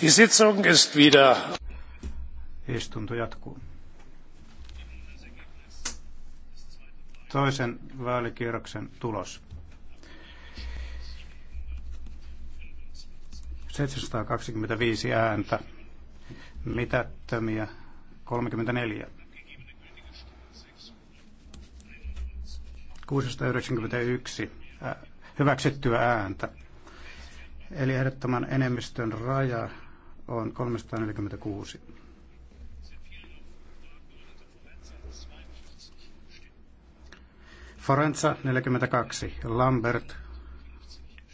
Die Sitzung ist wieder. Istunto jatkuu. Toisen vaalikierroksen tulos. 725 ääntä, mitättömiä 34. 691 hyväksyttyä ääntä. Eli ehdottoman enemmistön raja on 346. Forenza 42, Lambert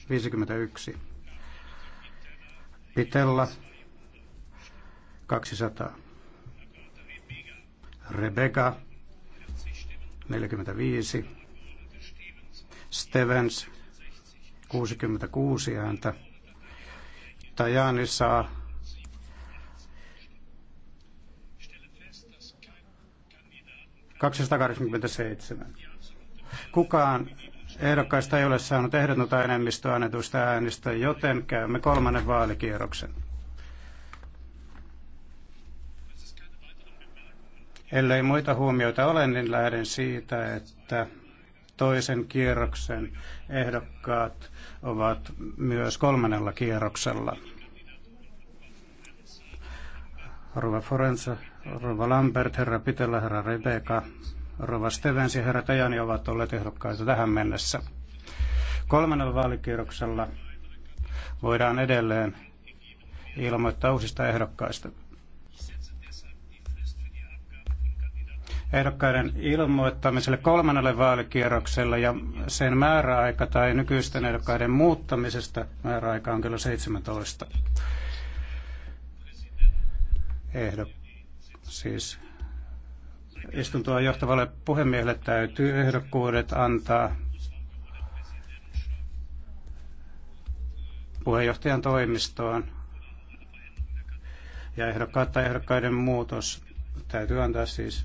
51, Pitella 200, Rebecca 45, Stevens 66 ääntä, Tajani saa 287. Kukaan ehdokkaista ei ole saanut ehdotonta enemmistöä annetuista äänistä, joten käymme kolmannen vaalikierroksen. Ellei muita huomioita ole, niin lähden siitä, että toisen kierroksen ehdokkaat ovat myös kolmannella kierroksella. Rova Forenza, Rova Lambert, herra Pitellä, herra Rebeka, Rova Stevens ja herra Tajani ovat olleet ehdokkaita tähän mennessä. Kolmannella vaalikierroksella voidaan edelleen ilmoittaa uusista ehdokkaista. Ehdokkaiden ilmoittamiselle kolmannelle vaalikierrokselle ja sen määräaika tai nykyisten ehdokkaiden muuttamisesta määräaika on kello 17 ehdo, siis istuntoa johtavalle puhemiehelle täytyy ehdokkuudet antaa puheenjohtajan toimistoon. Ja ehdokkaat tai ehdokkaiden muutos täytyy antaa siis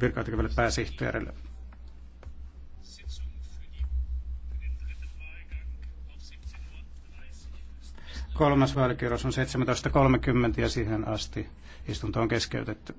virkautuville pääsihteerille. Kolmas vaalikierros on 17.30 ja siihen asti istunto on keskeytetty.